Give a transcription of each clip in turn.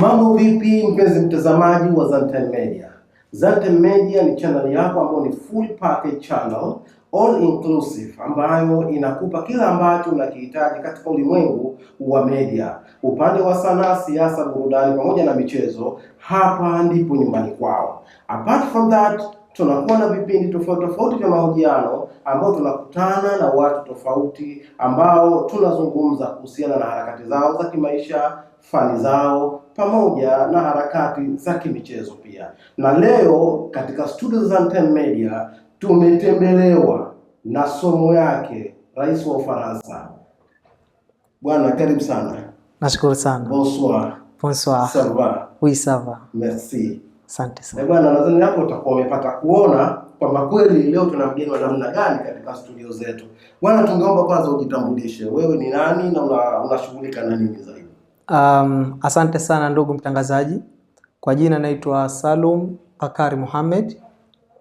Mambo vipi mpenzi mtazamaji wa Zantime Media? Zantime Media ni channel yako ambayo ni full package channel all inclusive ambayo inakupa kila ambacho unakihitaji katika ulimwengu wa media, upande wa sanaa, siasa, burudani pamoja na michezo. Hapa ndipo nyumbani kwao. Apart from that tunakuwa na vipindi tofauti tofauti vya mahojiano ambao tunakutana na watu tofauti ambao tunazungumza kuhusiana na harakati zao za kimaisha, fani zao pamoja na harakati za kimichezo pia. Na leo katika studio za Antene Media tumetembelewa na somo yake rais wa Ufaransa. Bwana, karibu sana. Nashukuru sana. Bonsoir. Bonsoir. Ça va? Oui, ça va. Merci. Asante sana. Eh bwana, nadhani hapo utakuwa umepata kuona kwamba kweli leo tuna mgeni wa namna gani katika studio zetu. Bwana, tungeomba kwanza ujitambulishe, wewe ni nani na unashughulika na nini? Um, asante sana ndugu mtangazaji. Kwa jina naitwa Salum Bakari Muhammad,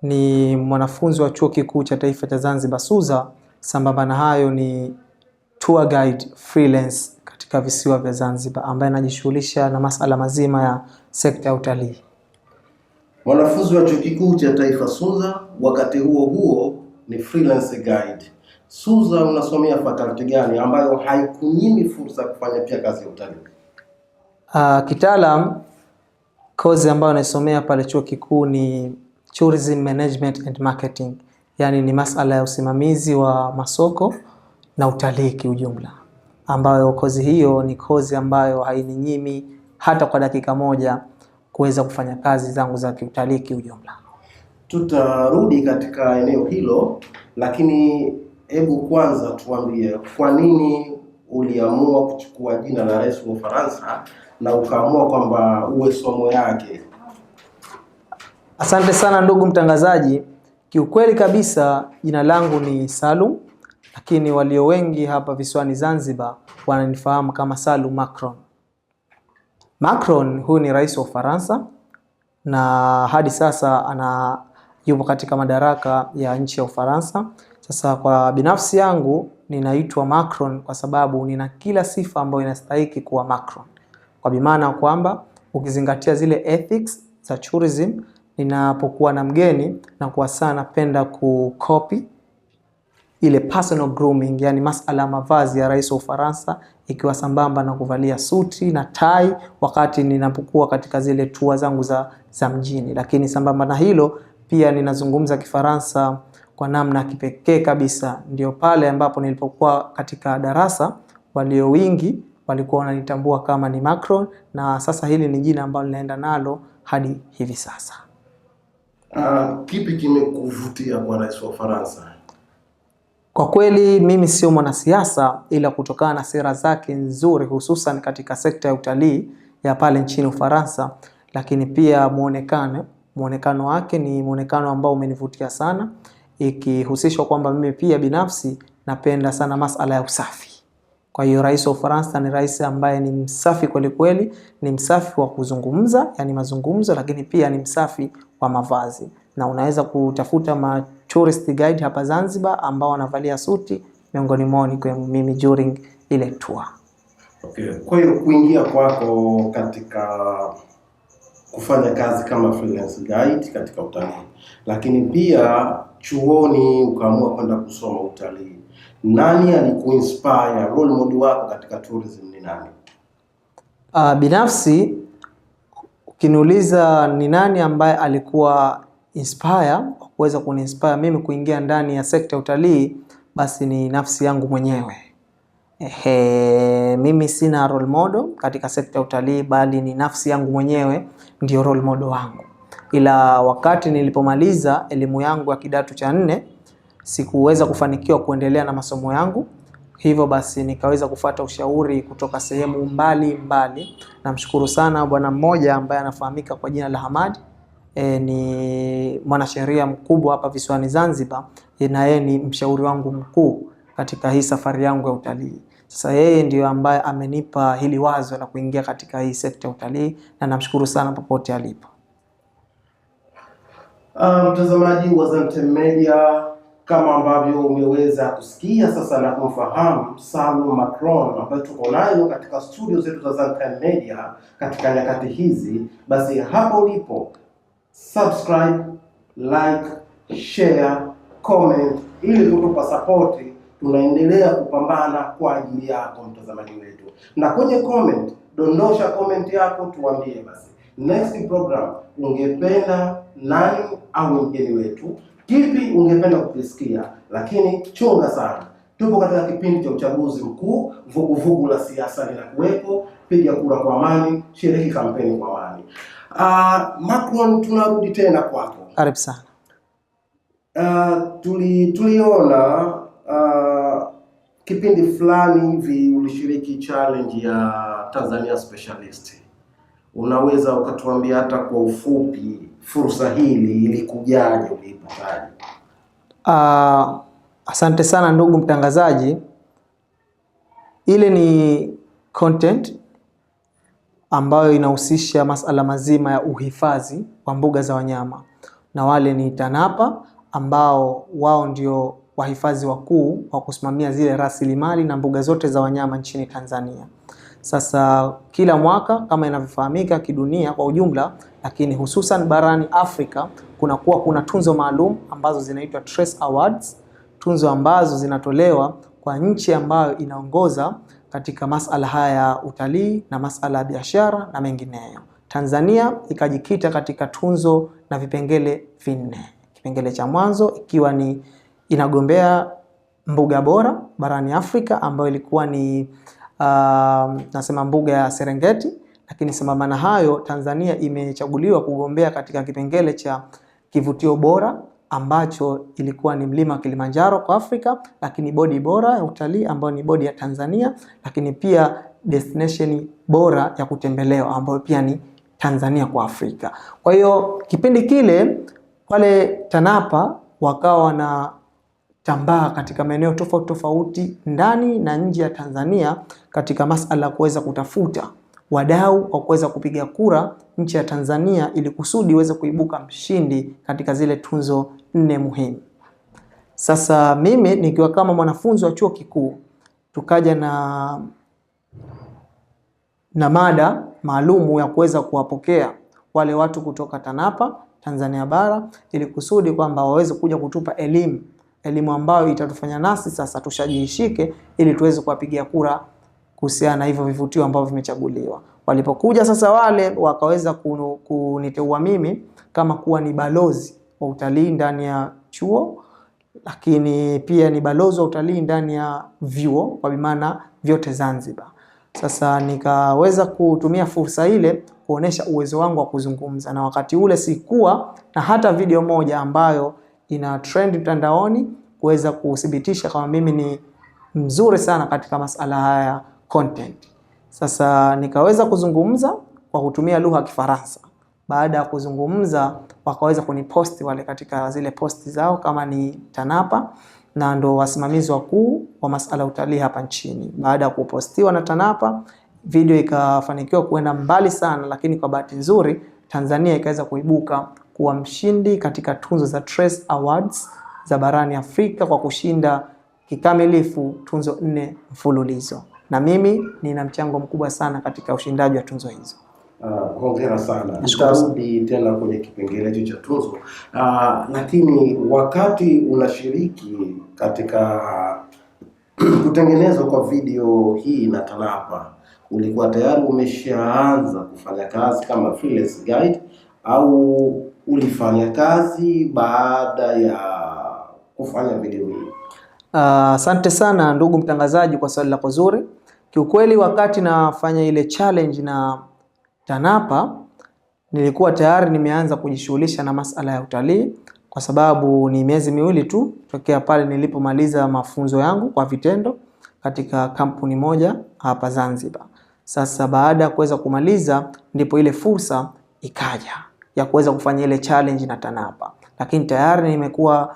ni mwanafunzi wa Chuo Kikuu cha Taifa cha Zanzibar SUZA, sambamba na hayo ni tour guide freelance katika visiwa vya Zanzibar ambaye anajishughulisha na masala mazima ya sekta ya utalii. Mwanafunzi wa Chuo Kikuu cha Taifa SUZA, wakati huo huo ni freelance guide. SUZA unasomea fakulti gani ambayo haikunyimi fursa ya kufanya pia kazi ya utalii? Uh, kitaalam kozi ambayo naisomea pale chuo kikuu ni tourism management and marketing, yaani ni masala ya usimamizi wa masoko na utalii kiujumla, ambayo kozi hiyo ni kozi ambayo haininyimi hata kwa dakika moja kuweza kufanya kazi zangu za kiutalii kiujumla. Tutarudi katika eneo hilo, lakini hebu kwanza tuambie kwa nini uliamua kuchukua jina la rais wa Ufaransa na ukaamua kwamba uwe somo yake. Asante sana ndugu mtangazaji. Kiukweli kabisa jina langu ni Salum, lakini walio wengi hapa visiwani Zanzibar wananifahamu kama Salum Macron. Macron huyu ni rais wa Ufaransa na hadi sasa ana yupo katika madaraka ya nchi ya Ufaransa. Sasa kwa binafsi yangu ninaitwa Macron kwa sababu nina kila sifa ambayo inastahiki kuwa Macron kwa bimaana kwamba ukizingatia zile ethics za tourism, ninapokuwa na mgeni na kwa sana napenda kukopi ile personal grooming, yani masala mavazi ya rais wa Ufaransa ikiwa sambamba na kuvalia suti na tai wakati ninapokuwa katika zile tua zangu za, za mjini. Lakini sambamba na hilo pia ninazungumza Kifaransa kwa namna kipekee kabisa. Ndio pale ambapo nilipokuwa katika darasa walio wingi walikuwa wananitambua kama ni Macron, na sasa hili ni jina ambalo linaenda nalo hadi hivi sasa. Uh, kipi kimekuvutia kwa rais wa Ufaransa? Kwa kweli mimi sio mwanasiasa, ila kutokana na sera zake nzuri, hususan katika sekta ya utalii ya pale nchini Ufaransa, lakini pia muonekano muonekano wake ni muonekano ambao umenivutia sana, ikihusishwa kwamba mimi pia binafsi napenda sana masala ya usafi. Kwa hiyo rais wa Ufaransa ni rais ambaye ni msafi kweli kweli, ni msafi wa kuzungumza, yani mazungumzo, lakini pia ni msafi wa mavazi, na unaweza kutafuta ma tourist guide hapa Zanzibar ambao wanavalia suti, miongoni mwao ni mimi during ile tour. Okay. Kwa hiyo kuingia kwako katika kufanya kazi kama freelance guide katika utalii, lakini pia chuoni ukaamua kwenda kusoma utalii nani alikuinspire? Role model wako katika tourism ni nani? Uh, binafsi ukiniuliza ni nani ambaye alikuwa inspire kuweza kuninspire mimi kuingia ndani ya sekta ya utalii, basi ni nafsi yangu mwenyewe. Ehe, mimi sina role model katika sekta ya utalii, bali ni nafsi yangu mwenyewe ndio role model wangu. Ila wakati nilipomaliza elimu yangu ya kidato cha nne sikuweza kufanikiwa kuendelea na masomo yangu, hivyo basi nikaweza kufata ushauri kutoka sehemu mbali mbali. Namshukuru sana bwana mmoja ambaye anafahamika kwa jina la Hamadi. E, ni mwanasheria mkubwa hapa visiwani Zanzibar. E, na yeye ni mshauri wangu mkuu katika hii safari yangu ya utalii. Sasa yeye ndiyo ambaye amenipa hili wazo la kuingia katika hii sekta ya utalii na namshukuru sana popote alipo. Ah, mtazamaji um, wa Zantime Media kama ambavyo umeweza kusikia sasa na kumfahamu Salum Macron ambaye tuko nayo katika studio zetu za Zantime Media katika nyakati hizi, basi hapo ulipo subscribe, like, share, comment ili kutupa support. Tunaendelea kupambana kwa ajili yako mtazamaji wetu, na kwenye comment dondosha comment yako, tuambie basi next program ungependa nani au mgeni wetu Kipi ungependa kukisikia? Lakini chunga sana, tupo katika kipindi cha uchaguzi mkuu, vuguvugu la siasa linakuwepo. Piga kura kwa amani, shiriki kampeni kwa amani. Uh, Macron, tunarudi tena kwako, karibu sana. Uh, tuli tuliona uh, kipindi fulani hivi ulishiriki challenge ya Tanzania Specialist. Unaweza ukatuambia hata kwa ufupi fursa hili ilikujaje? Uh, asante sana ndugu mtangazaji. Ile ni content ambayo inahusisha masala mazima ya uhifadhi wa mbuga za wanyama, na wale ni TANAPA ambao wao ndio wahifadhi wakuu wa kusimamia zile rasilimali na mbuga zote za wanyama nchini Tanzania. Sasa kila mwaka kama inavyofahamika kidunia kwa ujumla, lakini hususan barani Afrika kunakuwa kuna tunzo maalum ambazo zinaitwa Trace Awards, tunzo ambazo zinatolewa kwa nchi ambayo inaongoza katika masala haya ya utalii na masala ya biashara na mengineyo. Tanzania ikajikita katika tunzo na vipengele vinne. Kipengele cha mwanzo ikiwa ni inagombea mbuga bora barani Afrika ambayo ilikuwa ni uh, nasema mbuga ya Serengeti, lakini sambamba na hayo Tanzania imechaguliwa kugombea katika kipengele cha kivutio bora ambacho ilikuwa ni mlima wa Kilimanjaro kwa Afrika, lakini bodi bora ya utalii ambayo ni bodi ya Tanzania, lakini pia destination bora ya kutembelewa ambayo pia ni Tanzania kwa Afrika. Kwa hiyo kipindi kile wale TANAPA wakawa tambaa katika maeneo tofauti tofauti ndani na nje ya Tanzania katika masala ya kuweza kutafuta wadau wa kuweza kupiga kura nchi ya Tanzania ili kusudi iweze kuibuka mshindi katika zile tunzo nne muhimu. Sasa mimi nikiwa kama mwanafunzi wa chuo kikuu tukaja na na mada maalumu ya kuweza kuwapokea wale watu kutoka TANAPA Tanzania bara ili kusudi kwamba waweze kuja kutupa elimu elimu ambayo itatufanya nasi sasa tushajiishike ili tuweze kuwapigia kura kuhusiana na hivyo vivutio ambavyo vimechaguliwa. Walipokuja sasa wale wakaweza kuniteua mimi kama kuwa ni balozi wa utalii ndani ya chuo, lakini pia ni balozi wa utalii ndani ya vyuo kwa maana vyote Zanzibar. Sasa nikaweza kutumia fursa ile kuonesha uwezo wangu wa kuzungumza, na wakati ule sikuwa na hata video moja ambayo ina trend mtandaoni kuweza kuthibitisha kama mimi ni mzuri sana katika masala haya content. Sasa nikaweza kuzungumza kwa kutumia lugha ya Kifaransa. Baada ya kuzungumza, wakaweza kuniposti wale katika zile posti zao kama ni TANAPA, na ndo wasimamizi wakuu wa masuala ya utalii hapa nchini. Baada ya kupostiwa na TANAPA, video ikafanikiwa kuenda mbali sana, lakini kwa bahati nzuri Tanzania ikaweza kuibuka kuwa mshindi katika tunzo za Trace Awards za barani Afrika kwa kushinda kikamilifu tunzo nne mfululizo na mimi nina mchango mkubwa sana katika ushindaji wa tunzo hizo. Uh, hongera sana. Tutarudi tena kwenye kipengele hicho cha tunzo uh, ah, lakini wakati unashiriki katika kutengenezwa kwa video hii na TANAPA ulikuwa tayari umeshaanza kufanya kazi kama freelance guide au ulifanya kazi baada ya kufanya video hii? Ah, asante uh, sana ndugu mtangazaji kwa swali lako zuri. Kiukweli wakati nafanya ile challenge na TANAPA nilikuwa tayari nimeanza kujishughulisha na masala ya utalii kwa sababu ni miezi miwili tu tokea pale nilipomaliza mafunzo yangu kwa vitendo katika kampuni moja hapa Zanzibar. Sasa baada ya kuweza kumaliza ndipo ile fursa ikaja ya kuweza kufanya ile challenge na TANAPA, lakini tayari nimekuwa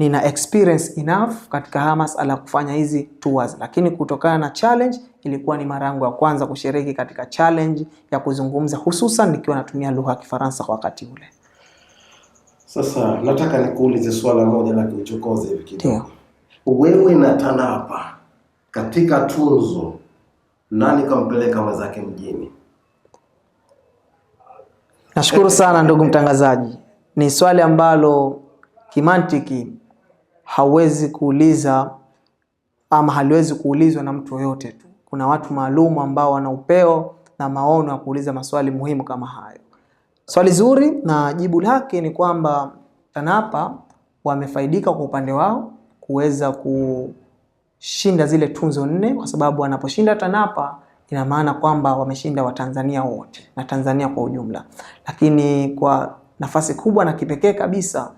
nina experience enough katika haya masala kufanya hizi tours, lakini kutokana na challenge, ilikuwa ni mara yangu ya kwanza kushiriki katika challenge ya kuzungumza, hususan nikiwa natumia lugha ya Kifaransa kwa wakati ule. Sasa nataka nikuulize swala moja la kiuchokozi hivi kidogo. Wewe na TANAPA katika tunzo, nani kampeleka mwenzake mjini? Nashukuru sana ndugu mtangazaji, ni swali ambalo kimantiki hauwezi kuuliza ama haliwezi kuulizwa na mtu yoyote tu. Kuna watu maalumu ambao wana upeo na maono ya kuuliza maswali muhimu kama hayo. Swali zuri na jibu lake ni kwamba TANAPA wamefaidika kwa upande wao kuweza kushinda zile tunzo nne, kwa sababu wanaposhinda TANAPA ina maana kwamba wameshinda Watanzania wote na Tanzania kwa ujumla, lakini kwa nafasi kubwa na kipekee kabisa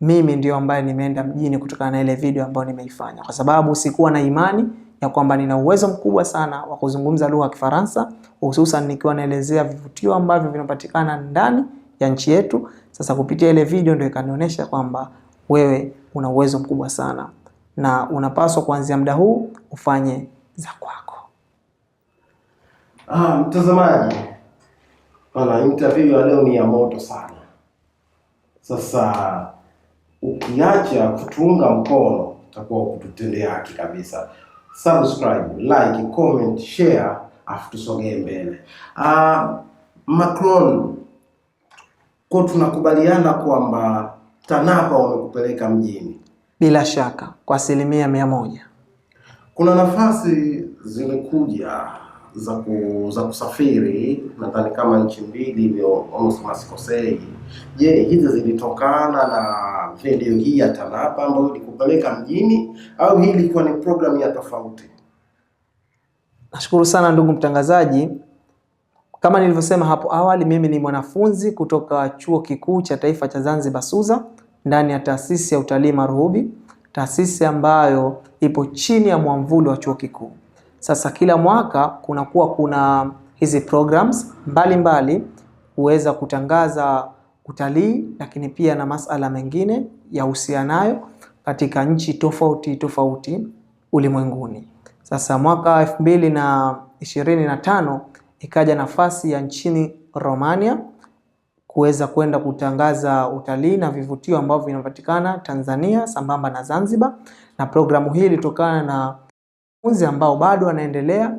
mimi ndio ambaye nimeenda mjini kutokana na ile video ambayo nimeifanya, kwa sababu sikuwa na imani ya kwamba nina uwezo mkubwa sana wa kuzungumza lugha ya Kifaransa, hususan nikiwa naelezea vivutio ambavyo vinapatikana ndani ya nchi yetu. Sasa kupitia ile video ndio ikanionyesha kwamba wewe una uwezo mkubwa sana na unapaswa kuanzia muda huu ufanye za kwako. Ah, mtazamaji bana, interview ya leo ni ya moto sana. Sasa Ukiacha kutuunga mkono utakuwa ukututendea haki kabisa. Subscribe, like, comment, share afu tusogee mbele. Uh, Macron kwa tunakubaliana kwamba TANAPA wamekupeleka mjini bila shaka kwa asilimia mia moja. Kuna nafasi zilikuja za ku, za kusafiri nadhani kama nchi mbili hivyo, almost masikosei. Je, hizi zilitokana na Je, ndiyo hii ya TANAPA ambayo ilikupeleka mjini au hii ilikuwa ni programu ya tofauti? Nashukuru sana ndugu mtangazaji. Kama nilivyosema hapo awali, mimi ni mwanafunzi kutoka Chuo Kikuu cha Taifa cha Zanzibar SUZA ndani ya taasisi ya utalii Maruhubi, taasisi ambayo ipo chini ya mwamvuli wa chuo kikuu. Sasa kila mwaka kunakuwa kuna hizi programs mbalimbali huweza kutangaza utalii, lakini pia na masala mengine yahusianayo katika nchi tofauti tofauti ulimwenguni. Sasa mwaka elfu mbili na ishirini na tano ikaja nafasi ya nchini Romania kuweza kwenda kutangaza utalii na vivutio ambavyo vinapatikana Tanzania sambamba na Zanzibar, na programu hii ilitokana na wanafunzi ambao bado anaendelea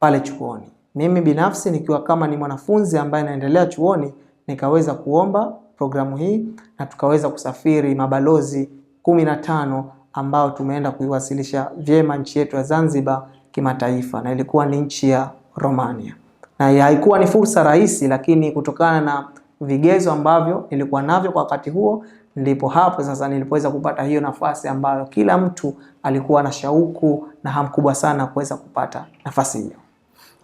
pale chuoni. Mimi binafsi nikiwa kama ni mwanafunzi ambaye anaendelea chuoni nikaweza kuomba programu hii na tukaweza kusafiri mabalozi kumi na tano ambao tumeenda kuiwasilisha vyema nchi yetu ya Zanzibar kimataifa, na ilikuwa ni nchi ya Romania, na haikuwa ni fursa rahisi, lakini kutokana na vigezo ambavyo nilikuwa navyo kwa wakati huo, ndipo hapo sasa nilipoweza kupata hiyo nafasi ambayo kila mtu alikuwa na shauku na hamu kubwa sana kuweza kupata nafasi hiyo.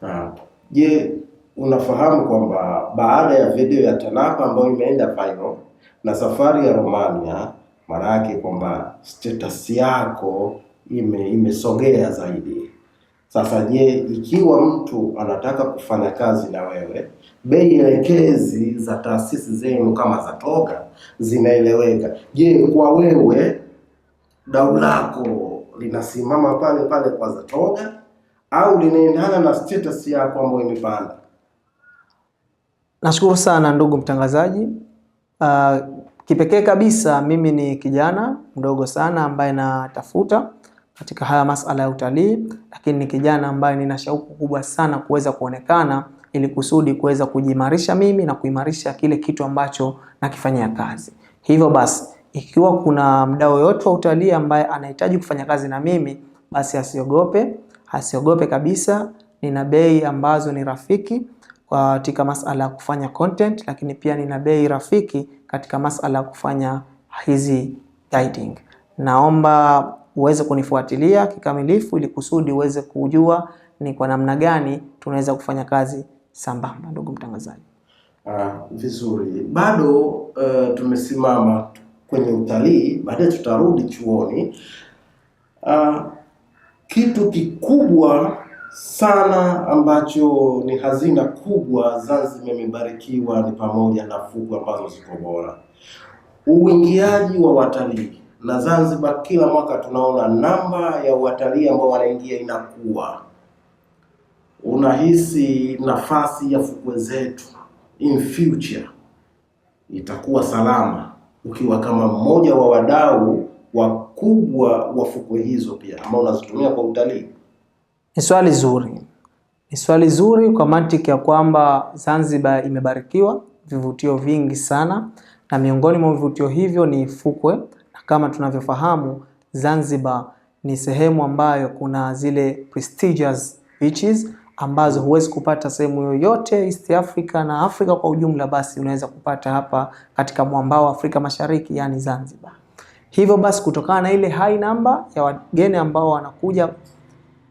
Ah, je, unafahamu kwamba baada ya video ya Tanaka ambayo imeenda viral na safari ya Romania, maana yake kwamba status yako ime- imesogea zaidi. Sasa je, ikiwa mtu anataka kufanya kazi na wewe, bei elekezi za taasisi zenu kama za toka zinaeleweka. Je, kwa wewe dau lako linasimama pale pale kwa za toka au linaendana na status yako ambayo imepanda? Nashukuru sana ndugu mtangazaji. Uh, kipekee kabisa mimi ni kijana mdogo sana ambaye natafuta katika haya masala ya utalii, lakini ni kijana ambaye nina shauku kubwa sana kuweza kuonekana ili kusudi kuweza kujimarisha mimi na kuimarisha kile kitu ambacho nakifanyia kazi. Hivyo basi, ikiwa kuna mdau yoyote wa utalii ambaye anahitaji kufanya kazi na mimi, basi asiogope, asiogope kabisa. Nina bei ambazo ni rafiki katika masala ya kufanya content, lakini pia nina bei rafiki katika masala ya kufanya hizi guiding. Naomba uweze kunifuatilia kikamilifu ili kusudi uweze kujua ni kwa namna gani tunaweza kufanya kazi sambamba, ndugu mtangazaji. Ah, vizuri. Bado uh, tumesimama kwenye utalii, baadaye tutarudi chuoni. Uh, kitu kikubwa sana ambacho ni hazina kubwa Zanzibar imebarikiwa ni pamoja na fukwe ambazo ziko bora, uingiaji wa watalii na Zanzibar kila mwaka tunaona namba ya watalii ambao wanaingia inakuwa, unahisi nafasi ya fukwe zetu in future itakuwa salama ukiwa kama mmoja wa wadau wakubwa wa fukwe hizo pia ambao unazitumia kwa utalii. Ni swali zuri, ni swali zuri kwa mantiki ya kwamba Zanzibar imebarikiwa vivutio vingi sana, na miongoni mwa vivutio hivyo ni fukwe, na kama tunavyofahamu Zanzibar ni sehemu ambayo kuna zile prestigious beaches ambazo huwezi kupata sehemu yoyote East Africa na Afrika kwa ujumla, basi unaweza kupata hapa katika mwambao wa Afrika Mashariki, yani Zanzibar. Hivyo basi, kutokana na ile high number ya wageni ambao wanakuja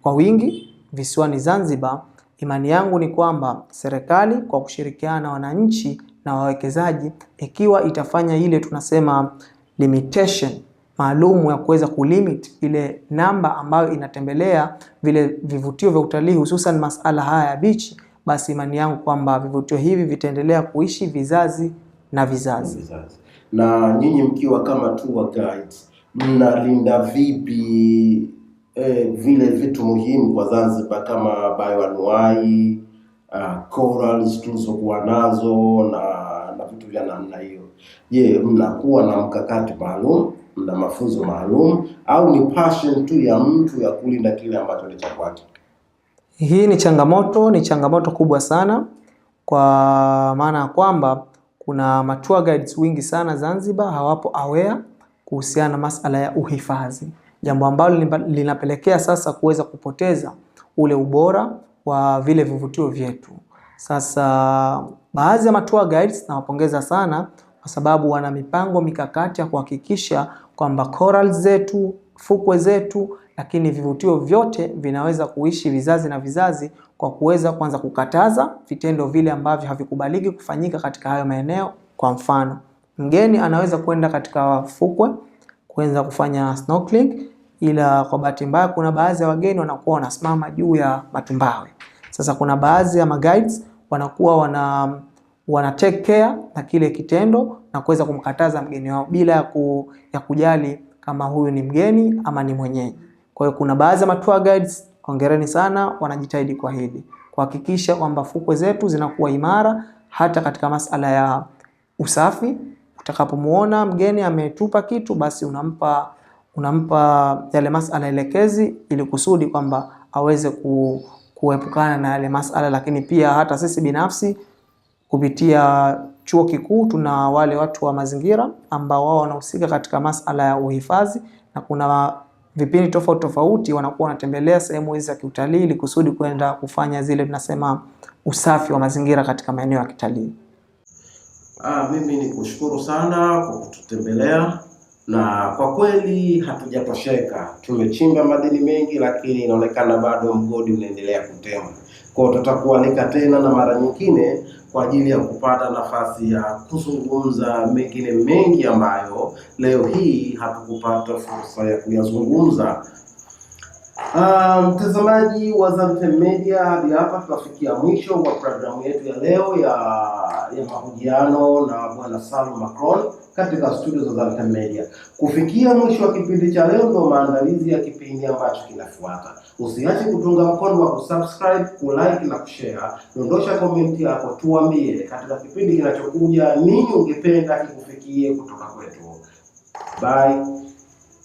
kwa wingi visiwani Zanzibar. Imani yangu ni kwamba serikali kwa kushirikiana na wananchi na wawekezaji, ikiwa itafanya ile tunasema limitation maalumu ya kuweza kulimit ile namba ambayo inatembelea vile vivutio vya utalii hususan masala haya ya bichi, basi imani yangu kwamba vivutio hivi vitaendelea kuishi vizazi na vizazi, Na nyinyi mkiwa kama tour guides mnalinda vipi eh, vile vitu muhimu kwa Zanzibar kama bayoanuai uh, ah, corals tulizokuwa nazo na na vitu vya namna hiyo. Je, mnakuwa na mkakati maalum, mna mafunzo maalum au ni passion tu ya mtu ya kulinda kile ambacho ni cha kwake? Hii ni changamoto, ni changamoto kubwa sana kwa maana ya kwamba kuna matua guides wingi sana Zanzibar hawapo aware kuhusiana na masala ya uhifadhi jambo ambalo linapelekea sasa kuweza kupoteza ule ubora wa vile vivutio vyetu. Sasa baadhi ya matua guides nawapongeza sana kwa sababu wana mipango mikakati ya kuhakikisha kwamba coral zetu, fukwe zetu, lakini vivutio vyote vinaweza kuishi vizazi na vizazi, kwa kuweza kwanza kukataza vitendo vile ambavyo havikubaliki kufanyika katika hayo maeneo. Kwa mfano, mgeni anaweza kwenda katika fukwe kuweza kufanya snorkeling, ila kwa bahati mbaya kuna baadhi ya wageni wanakuwa wanasimama juu ya matumbawe. Sasa kuna baadhi ya maguides wanakuwa wana wana take care na kile kitendo na kuweza kumkataza mgeni wao bila ya, ku, ya kujali kama huyu ni mgeni ama ni mwenyeji. Kwa hiyo kuna baadhi ya matour guides, hongereni sana, wanajitahidi kwa hili kuhakikisha kwamba fukwe zetu zinakuwa imara hata katika masala ya usafi. Utakapomuona mgeni ametupa kitu, basi unampa unampa yale masala elekezi ili kusudi kwamba aweze ku, kuepukana na yale masala. Lakini pia hata sisi binafsi kupitia chuo kikuu tuna wale watu wa mazingira ambao wao wanahusika katika masala ya uhifadhi, na kuna vipindi tofauti tofauti wanakuwa wanatembelea sehemu hizi za kiutalii ili kusudi kwenda kufanya zile tunasema usafi wa mazingira katika maeneo ya kitalii. Ah, mimi ni kushukuru sana kwa kututembelea na kwa kweli hatujatosheka. Tumechimba madini mengi, lakini inaonekana bado mgodi unaendelea kutema. Kwa hiyo tutakualika tena na mara nyingine kwa ajili ya kupata nafasi ya kuzungumza mengine mengi ambayo leo hii hatukupata fursa ya kuyazungumza. Ah, mtazamaji um, wa Zantime Media, hadi hapa tunafikia mwisho wa programu yetu ya leo ya ya mahojiano na bwana Salo Macron katika studio za Zalta Media. Kufikia mwisho wa kipindi cha leo, ndio maandalizi ya kipindi ambacho kinafuata. Usiache kutunga mkono wa kusubscribe, kulike na kushare. Dondosha komenti yako, tuambie katika kipindi kinachokuja nini ungependa kikufikie kutoka kwetu. Bye.